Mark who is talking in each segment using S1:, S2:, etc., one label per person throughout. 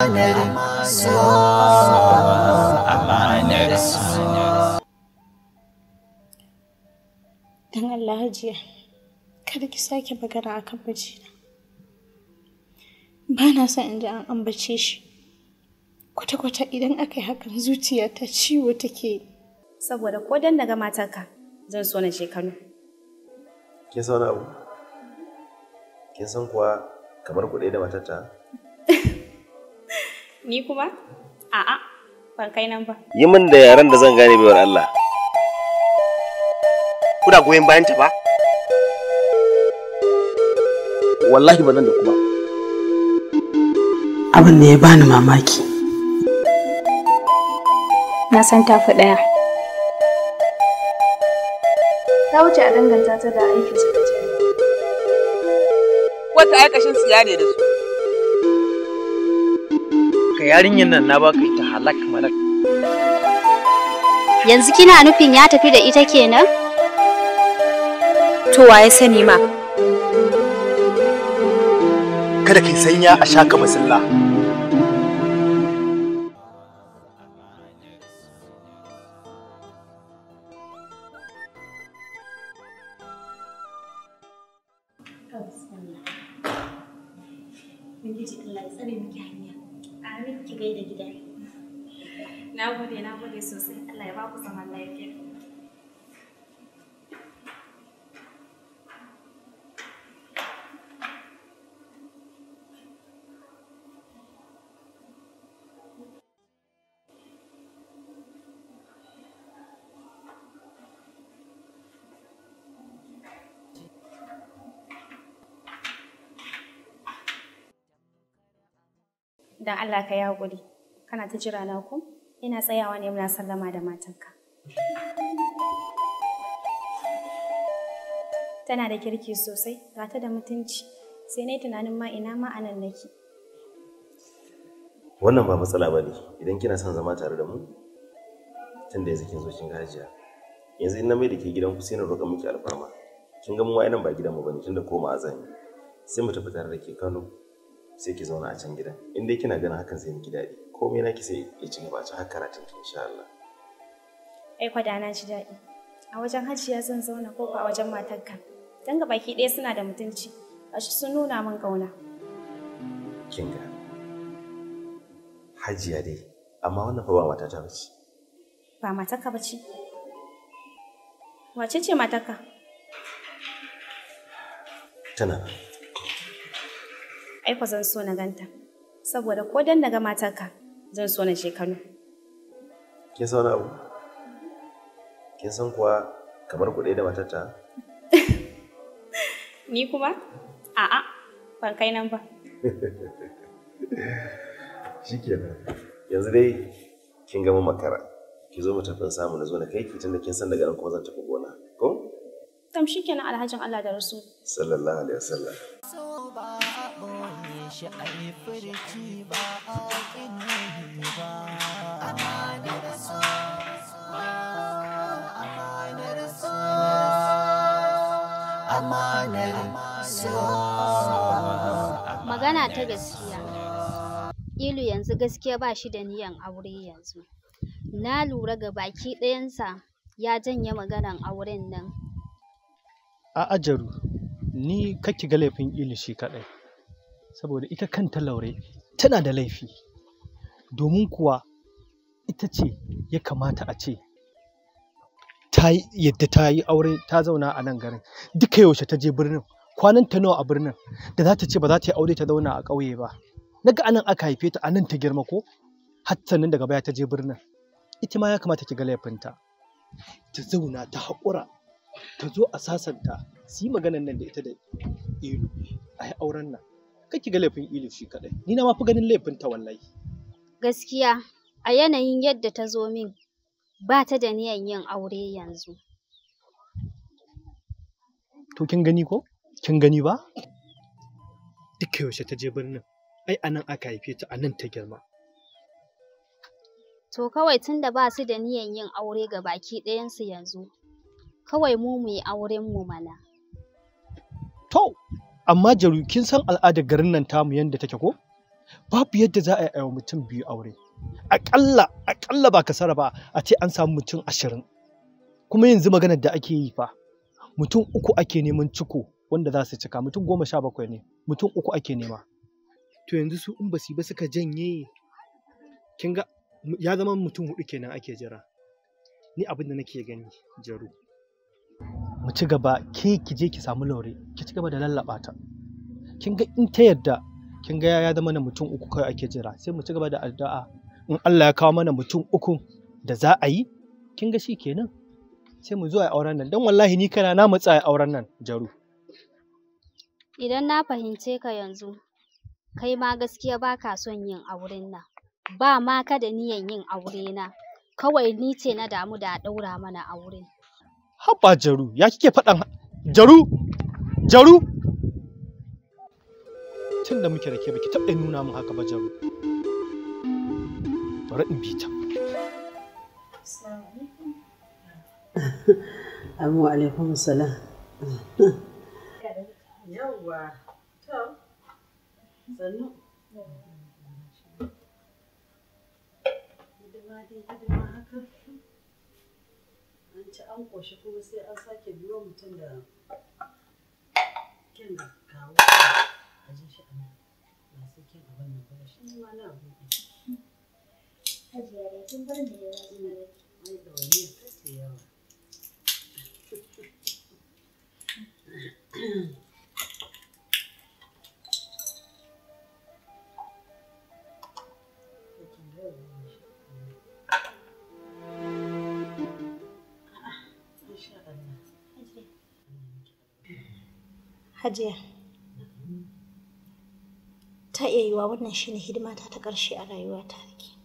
S1: Don Allah hajiya, kada ki sake magana a kan mijina. Ba na son in ji an ambace shi. Kwata-kwata idan aka yi hakan zuciya ta ciwo take.
S2: Saboda ko dan daga matarka zan so na shekaru.
S3: Kin san abu? Kin san kuwa kamar kuɗi da matata?
S2: Ni kuma? A'a, ban kai nan ba. Yi min da
S3: yaren da zan gane baiwar Allah. Kuna goyon bayan ta ba?
S4: Wallahi ba nan da kuma.
S5: Abin da ya bani mamaki.
S2: Na san tafi ɗaya. Ta wuce a danganta ta da aikin sakatare.
S1: Wata aikashin siya ne da su.
S6: maka yarinyar nan na baka ita halak malak
S1: yanzu kina nufin ya tafi da ita kenan to waye sani ma
S7: kada ki sanya a shaka masalla
S2: gida. Na gode, na gode sosai. Allah ya ba ku zaman lafiya. dan Allah ka yi kana ta jira na ku ina tsayawa ne muna sallama da matanka tana da kirki sosai ga ta da mutunci sai na yi tunanin ma ina ma anan nake
S3: wannan ba matsala ba ne idan kina son zama tare da mu tun yanzu kin zo kin gajiya yanzu in na mai da ke gidan ku sai na roƙa miki alfarma kin ga mu wa'annan ba gidan mu bane tunda koma azan. sai mu tafi tare da ke Kano sai ki zauna a can gidan in dai kina ganin hakan zai miki daɗi komai naki sai ya ci gaba har karatun ki insha Allah
S2: ai kwada na ji daɗi a wajen hajiya zan zauna ko a wajen matarka dan ga baki ɗaya suna da mutunci gashi sun nuna min ƙauna
S6: kinga
S3: hajiya dai amma wannan fa ba matata bace
S2: ba matarka bace wace ce matarka tana aiko zan so na ganta saboda ko dan na ga matarka zan so na je Kano
S3: kin san abu ke san kuwa kamar ku da matarta
S2: ni kuma a'a ban kai nan ba
S3: shikenan yanzu dai kin gama makara ki zo mu tafi samu na zo na kai ki tunda kin san daga nan kuma zan tafi gona ko
S2: tam shikenan alhajin Allah da rasul
S3: sallallahu alaihi wasallam shi a yi furci
S6: ba a ba magana ta
S5: gaskiya ilu yanzu gaskiya ba shi da niyan aure yanzu na lura ga baki ɗayansa ya janye maganan auren nan
S7: a ajaru ni kake ga laifin ilu shi kaɗai saboda ita kanta laure tana da laifi domin kuwa ita ce ya kamata a ce ta yadda ta yi aure ta zauna a nan garin duka yaushe ta je birnin kwanan ta nawa a birnin da za ta ce ba za ta yi aure ta zauna a ƙauye ba naga anan aka haife ta anan ta girma ko har sannan daga baya ta je birnin ita ma ya kamata ki ga laifinta ta zauna ta haƙura ta zo a sasanta su yi maganan nan da ita da ilu a yi auren nan kake ga laifin ilu kadai ni na ma fi ganin laifin ta wallahi
S5: gaskiya a yanayin yadda ta zo min ba ta da niyan yin aure yanzu
S7: to kin gani ko kin gani ba duka yaushe ta je birnin ai anan aka haife ta anan ta girma
S5: to kawai tun da ba su da niyan yin aure ga baki ɗayansu yanzu kawai mu mu yi auren mu mana to
S7: amma jaru kin san al'adar garin nan tamu yadda take ko babu yadda za a yi wa mutum biyu aure aƙalla aƙalla ba kasara ba a ce an samu mutum ashirin kuma yanzu maganar da ake yi fa mutum uku ake neman ciko wanda za su cika mutum goma sha bakwai ne mutum uku ake nema to yanzu su in ba su ba suka janye kin ya zama mutum hudu kenan ake jira ni abin da nake gani jaru mu ci gaba ke ki je ki samu laure ki ci gaba da lallaba ta kin ga in ta yadda kin ga ya zama na mutum uku kai ake jira sai mu ci gaba da addu'a in Allah ya kawo mana mutum uku da za a yi kin ga shi kenan sai mu zo a auren nan don wallahi ni kana na matsa a auren nan jaru
S5: idan na fahimce ka yanzu kai ma gaskiya ba ka son yin auren nan ba ma ka da niyan yin aure na kawai ni ce na damu da a ɗaura mana auren
S7: haba jaru ya kike faɗan jaru jaru tun da muke rake baki taɓa nuna min haka ba jaru
S5: bari in bi ta
S3: Assalamu
S5: alaikum salam. yawa to, sannu. Hidima dai hidima. an ƙoshi kuma sai an sake biyo mutum da kyan da kawo a ji shi ana masu kyan abin nan kuma shi ma na abu ne.
S1: Hajiya da kin bar da yawa ina da
S5: ai da wani ya kace yawa.
S6: Thank you.
S1: ta iya yiwa wannan shine hidimata ta ƙarshe a rayuwata ke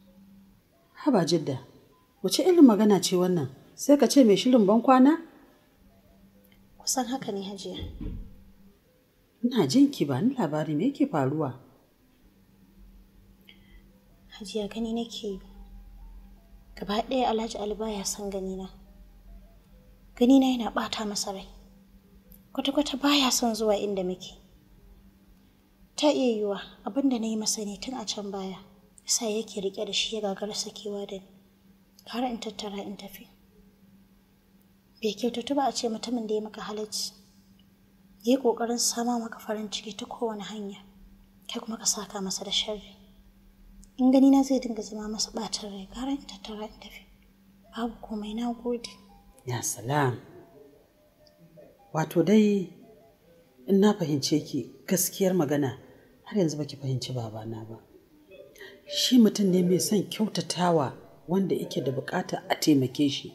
S5: haba jidda wace irin magana ce wannan sai ka ce mai shirin ban kwana
S1: kusan haka ne hajiya
S5: ina jin ki ba ni labari me yake faruwa
S1: hajiya gani nake yi gaba ɗaya alhaji alba ya san ganina na yana ɓata masa rai kwata-kwata baya son zuwa inda muke ta iya yiwa abin da na yi masa ne tun a can baya sa yake rike da shi ya gagar sakewa da ni har in tattara in tafi bai kyautatu ba a ce mutumin da ya maka halacci ya yi ƙoƙarin sama maka farin ciki ta kowane hanya kai kuma ka saka masa da sharri in gani na zai dinga zama masa ɓatar rai gara in tattara in tafi babu komai na gode
S5: ya salam wato dai in na fahimce ki gaskiyar magana har yanzu baki fahimci babana ba shi mutum ne mai son kyautatawa wanda yake da bukata a taimake shi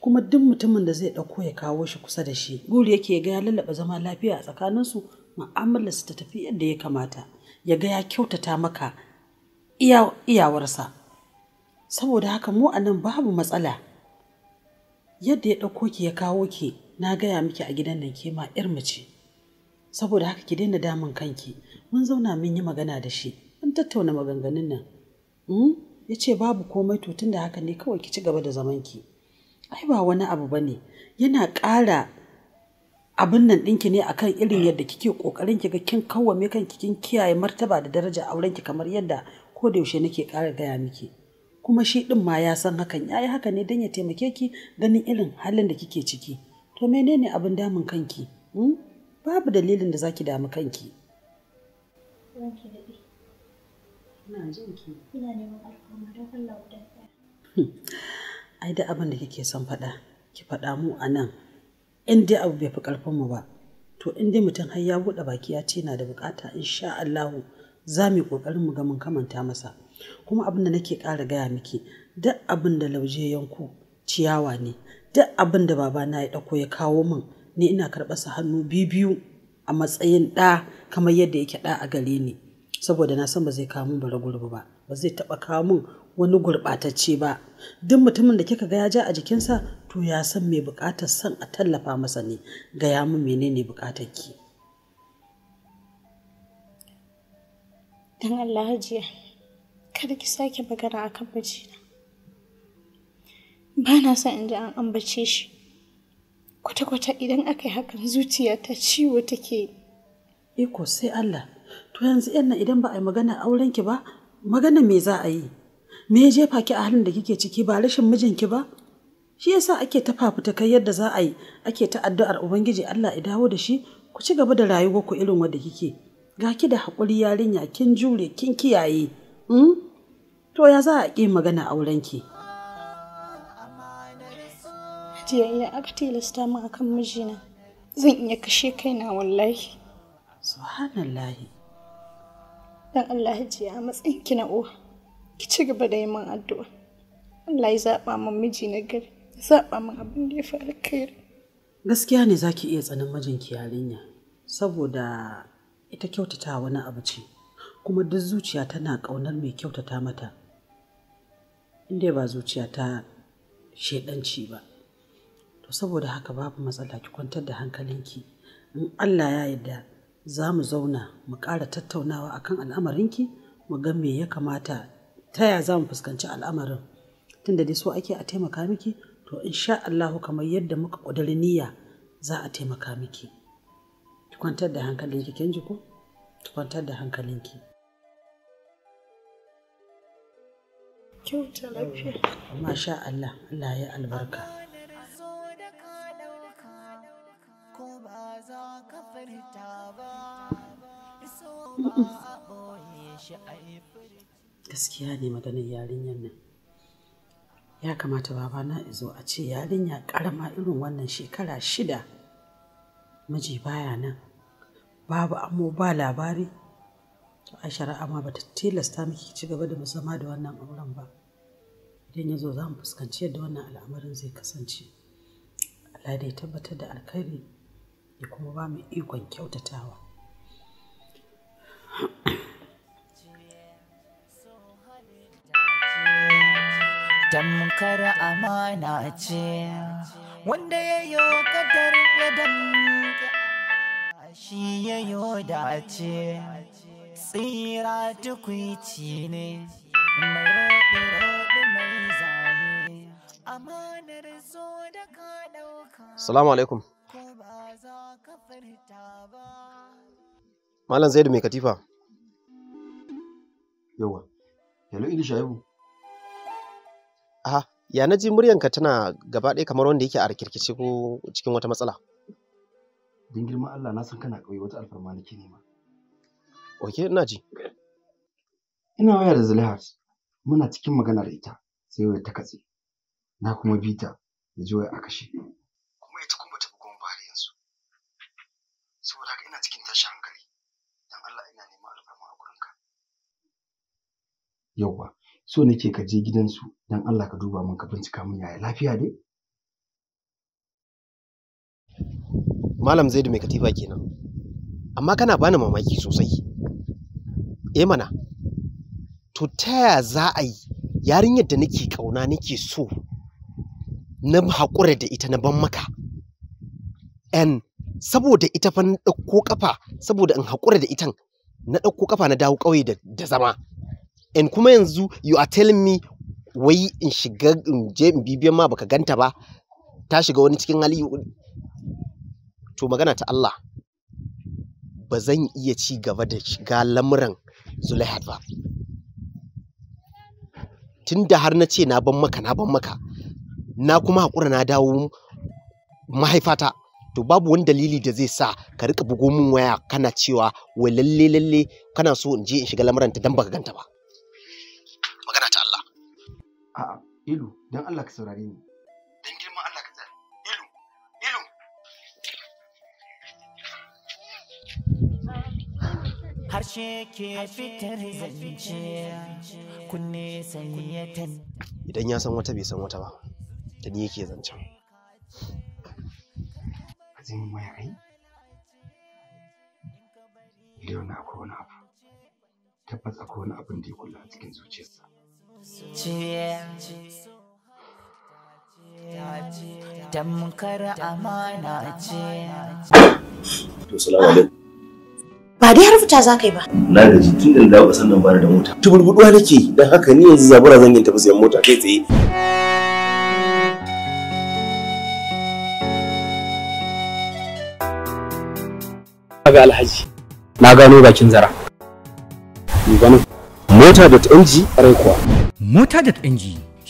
S5: kuma duk mutumin da zai ɗauko ya kawo shi kusa da shi buri yake ga ya lallaba zama lafiya a tsakaninsu mu'amalar su ta tafi yadda ya kamata ya ga ya kyautata maka iyawarsa saboda haka mu a nan babu matsala yadda ya ɗauko ki ya kawo ki na gaya miki a gidan nan ke ma yar mace saboda haka ki daina damun kanki mun zauna mun yi magana da shi mun tattauna maganganun nan hmm? ya ce babu komai to tun da haka ne kawai ki ci gaba da zaman ki ai ba wani abu ba ne yana ƙara abin nan ɗinki ne akan irin yadda kike ƙoƙarin ki ga kin kawwame kanki kin kiyaye martaba da daraja auren ki kamar yadda ko da yaushe nake ƙara gaya miki kuma shi ɗin ma ya san hakan ya yi haka ne don ya taimake ki ganin irin halin da kike ciki. To menene abin damun kanki? Hmm? Babu dalilin da zaki damu kanki. Hmm. Ai da abin da kike son faɗa, ki faɗa mu a nan. In abu bai fi ƙarfinmu ba, to in dai mutum har ya buɗe baki ya ce na da buƙata insha Allahu za mu yi ƙoƙarin mu ga mun kamanta masa. Kuma abin da nake ƙara gaya miki, duk abin da lauje yanku ciyawa ne, duk abin da babana ya ɗauko ya kawo min ni ina karɓarsa hannu biyu biyu a matsayin ɗa kamar yadda yake ɗa a gare ni saboda na san ba zai kawo min bara gurbi ba ba zai taɓa kawo min wani gurɓatacce ba duk mutumin da kika ga ya ja a jikinsa to ya san mai buƙatar san a tallafa masa ne gaya min menene buƙatar ki
S1: dan Allah hajiya kada ki sake magana akan mijina ba na son in ji
S5: an ambace shi kwata-kwata idan aka yi hakan zuciya ta ciwo take iko sai Allah to yanzu yan idan ba a yi magana auren ki ba magana me za a yi me ya jefa ki a halin da kike ciki ba rashin mijin ki ba shi yasa ake ta fafuta kai yadda za a yi ake ta addu'ar ubangiji Allah ya dawo da shi ku ci gaba da rayuwar ku irin wanda kike ga ki da hakuri yarinya kin jure kin kiyaye hmm? to ya za a ƙi magana aurenki ki
S1: Jiyayya aka tilasta min akan mijina. Zan iya kashe kaina wallahi.
S5: Subhanallahi.
S1: Dan Allah ji a matsayin ki na uwa. Ki ci gaba da yi min addu'a. Allah ya zaɓa min miji na gari. Ya
S5: zaɓa min abin da ya fi alkhairi. Gaskiya ne zaki iya tsanin mijinki yarinya. Saboda ita kyautata wani abu ce. Kuma duk zuciya tana ƙaunar mai kyautata mata. Inda ba zuciya ta shedanci ba. saboda haka babu matsala ki kwantar da hankalinki in Allah ya yarda za mu zauna mu ƙara tattaunawa akan al'amarinki mu ga me ya kamata ta ya za mu fuskanci al'amarin tunda dai so ake a taimaka miki to insha Allah kamar yadda muka ƙudiri niyya za a taimaka miki ki kwantar da hankalinki kenji ko ki kwantar da hankalinki
S1: kyauta lafiya
S5: masha Allah Allah ya albarka gaskiya ne maganin yarinyar nan ya kamata Baba, na izo a ce yarinya karama irin wannan shekara shida miji baya nan babu amma ba labari a shari'a ma bata tilasta miki ci gaba da zama da wannan auren ba idan ya zo za mu fuskanci yadda wannan al'amarin zai kasance Allah dai tabbatar da alkhairi ya kuma ba mu ikon kyautatawa damkar amana ce
S6: wanda ya yi kadar ya damke shi ya yi dace tsira tukwici ne
S1: mai
S5: roɗe-roɗe
S6: mai zahe amanar
S4: zo da ka ɗauka. Salamu alaikum. Malam Zaidu mai katifa. Yawa. Hello Idi Shaibu. Aha, ya naji muryanka tana gaba ɗaya kamar wanda yake a rikirkice ko cikin wata matsala.
S3: Bin girman Allah na san kana
S4: ƙauye wata alfarma nake nema. Ok, ina ji. Ina waya da Zulaihat. Muna cikin magana da ita sai waya ta katse. Na kuma bi ta da ji waya a kashe. Kuma
S3: ita kuma ta kuma bari yanzu. Saboda haka ina cikin tashin hankali. dan Allah ina neman alfarma a
S4: gurinka yauwa so nake ka je gidansu don Allah ka duba min ka bincika min yaya lafiya dai malam zaidu mai katifa kenan amma kana bani mamaki sosai eh mana to ta yaya za a yi yarinyar da nake kauna nake so na haƙura da ita na ban maka and saboda ita fa na ɗauko kafa saboda in haƙura da itan na ɗauko kafa na dawo ƙauye da zama and kuma yanzu you are telling me wai in shiga in je in bibiyan ma baka ganta ba ta shiga wani cikin hali to magana ta Allah ba zan iya ci gaba da shiga lamuran Zulaihat ba tunda har na ce na ban maka na ban maka na kuma haƙura na dawo mahaifata to babu wani dalili da zai sa ka rika bugo min waya kana cewa wai lalle lalle kana so in je in shiga lamuranta dan baka ganta ba magana ta Allah a'a ilu dan Allah ka saurare ni dan girma Allah ka tsare ilu ilu
S6: harshe ke fitar zance kunne sanyatan
S4: idan ya san wata bai san wata ba da ni yake zancen
S6: zai min waya ai
S3: Leon akwai wani abu tabbas akwai wani abin da ya kula a cikin
S6: zuciyarsa
S1: ba dai har fita za ka yi ba
S3: na gaji tun da na dawo nan bara da mota tuburbuduwa nake don haka ni yanzu zabura zan yi tafi sayan mota kai tsaye
S4: ga alhaji na gano bakin zara mota.ng rai kuwa
S6: mota.ng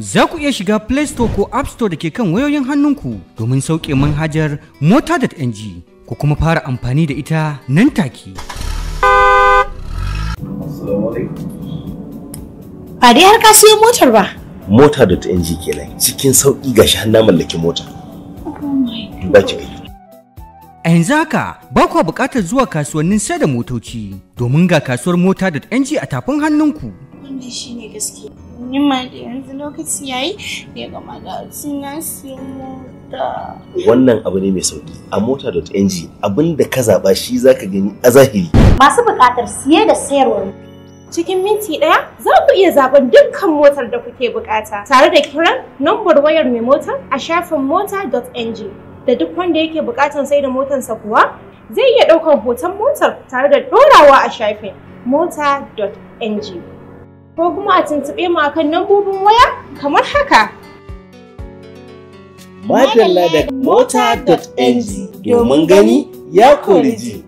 S6: za ku iya shiga Play Store ko App Store da ke kan wayoyin hannunku domin sauƙe manhajar mota.ng ku kuma fara amfani da ita nan take.
S1: Ba dai har ka siyo motar ba.
S3: Mota.ng kenan cikin sauƙi ga shi na mallaki mota. Duba ki
S6: A yanzu haka ba kwa buƙatar zuwa kasuwannin sai da motoci domin ga kasuwar mota.ng a tafin hannunku. wannan shine
S1: da yanzu lokaci na mota
S6: wannan
S3: abu ne mai sauki a mota.ng abinda ka zaba shi ka gani a zahiri
S1: masu buƙatar siye da sayarwa cikin minti ɗaya za ku iya zaben dukkan motar da kuke bukata tare da kiran nambar wayar mai motar a shafin mota.ng da duk wanda yake bukatar sai da motarsa kuwa zai iya ɗaukar hoton motar tare da ɗorawa a shafin mota.ng ko kuma a tuntuɓe mu akan lambobin waya kamar haka.
S5: Madalla da
S4: mota.ng domin gani ya kori ji.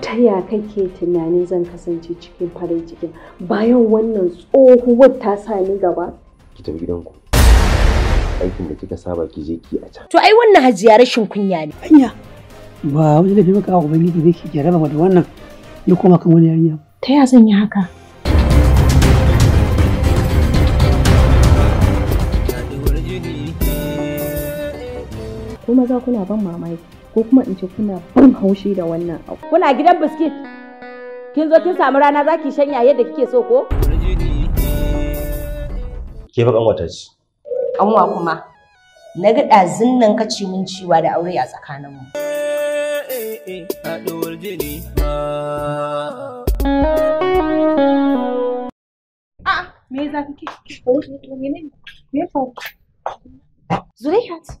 S5: Ta ya kake tunanin zan kasance cikin farin cikin bayan wannan tsohuwar ta sani gaba?
S3: Ki tafi gidanku. Aikin da kika saba ki je ki a can.
S1: To ai wannan hajiya rashin kunya ne. Anya
S6: ba wani da bi maka ubangiji ne ke jaraba da
S5: wannan ya koma kan wani yarinya.
S1: Ta ya zan yi haka?
S2: maza kuna ban mamaki ko kuma in ce kuna ban haushi da wannan abu
S1: kuna gidan biskit kin zo kin samu rana zaki shanya yadda kike so ko
S7: ke fa kanwata ce
S1: kanwa kuma na ga ɗazin nan ka ci min ciwa da aure a tsakaninmu
S7: haɗuwar jini
S1: Me ya zafi ke? Me ya faru? Zulaihat,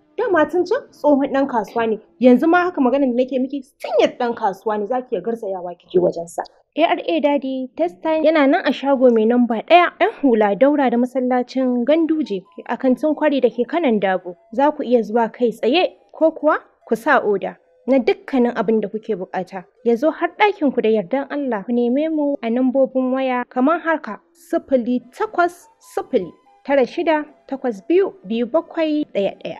S1: dama matan can tsohon dan kasuwa ne yanzu ma haka magana da nake miki yadda dan kasuwa ne zaki ya garzayawa kike wajen sa ARA Daddy time yana nan a shago mai namba ɗaya ‘yan hula daura da masallacin ganduje a kantin kwari da ke kanan dabo. Za ku iya zuwa kai tsaye ko kuwa ku sa oda na dukkanin abin da kuke bukata. Ya zo har ɗakin ku da yardan Allah ku neme mu a nambobin waya kamar harka sifili takwas sifili tara shida takwas biyu biyu bakwai ɗaya ɗaya.